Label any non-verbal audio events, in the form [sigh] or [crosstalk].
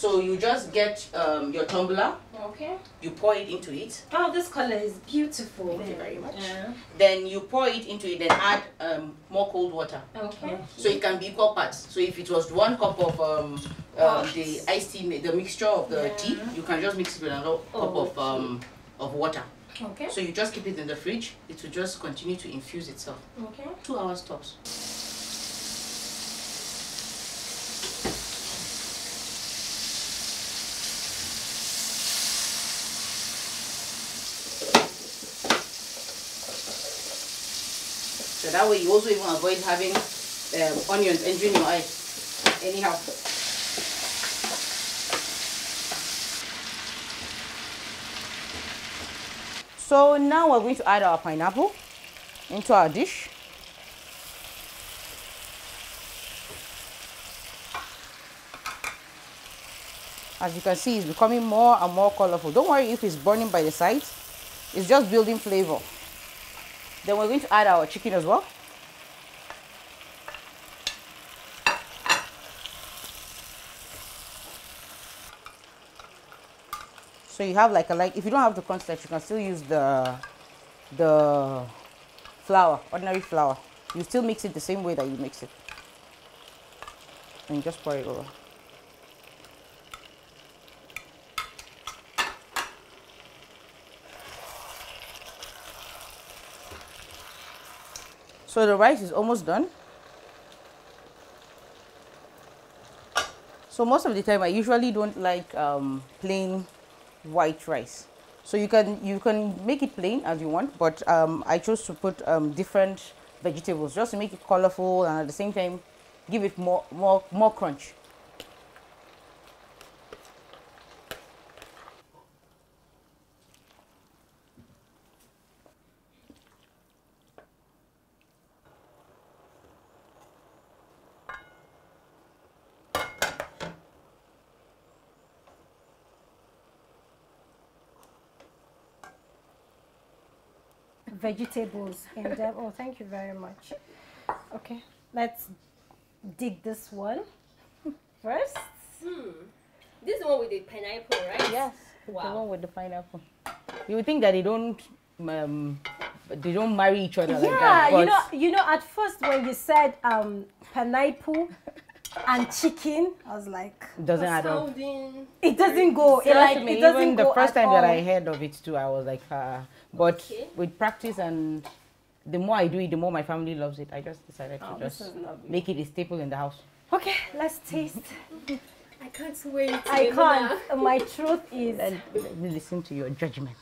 So you just get um, your tumbler. Okay. You pour it into it. Oh, this color is beautiful. Thank you very much. Yeah. Then you pour it into it and add um, more cold water. Okay. So it can be equal parts. So if it was one cup of um, um the iced tea, the mixture of the yeah. tea, you can just mix it with another oh, cup of um, of water. Okay. So you just keep it in the fridge. It will just continue to infuse itself. Okay. Two hours tops. that way you also even avoid having um, onions entering your eye anyhow so now we're going to add our pineapple into our dish as you can see it's becoming more and more colorful don't worry if it's burning by the sides it's just building flavor then we're going to add our chicken as well. So you have like a like if you don't have the cornstarch, you can still use the the flour, ordinary flour. You still mix it the same way that you mix it. And just pour it over. So the rice is almost done. So most of the time I usually don't like um, plain white rice. So you can you can make it plain as you want, but um, I chose to put um, different vegetables just to make it colorful and at the same time give it more more more crunch. vegetables in them. Oh, thank you very much. Okay, let's dig this one [laughs] first. Hmm. This one with the pineapple, right? Yes. Wow. The one with the pineapple. You would think that they don't um, they don't marry each other yeah, like that. you know, you know, at first when you said um, pineapple and chicken. I was like, doesn't add up. It doesn't go. It like it doesn't even the first time all. that I heard of it too, I was like, uh, but okay. with practice and the more I do it, the more my family loves it. I just decided oh, to just make it a staple in the house. Okay, let's taste. [laughs] I can't wait. I can't. My truth is. Let me listen to your judgment.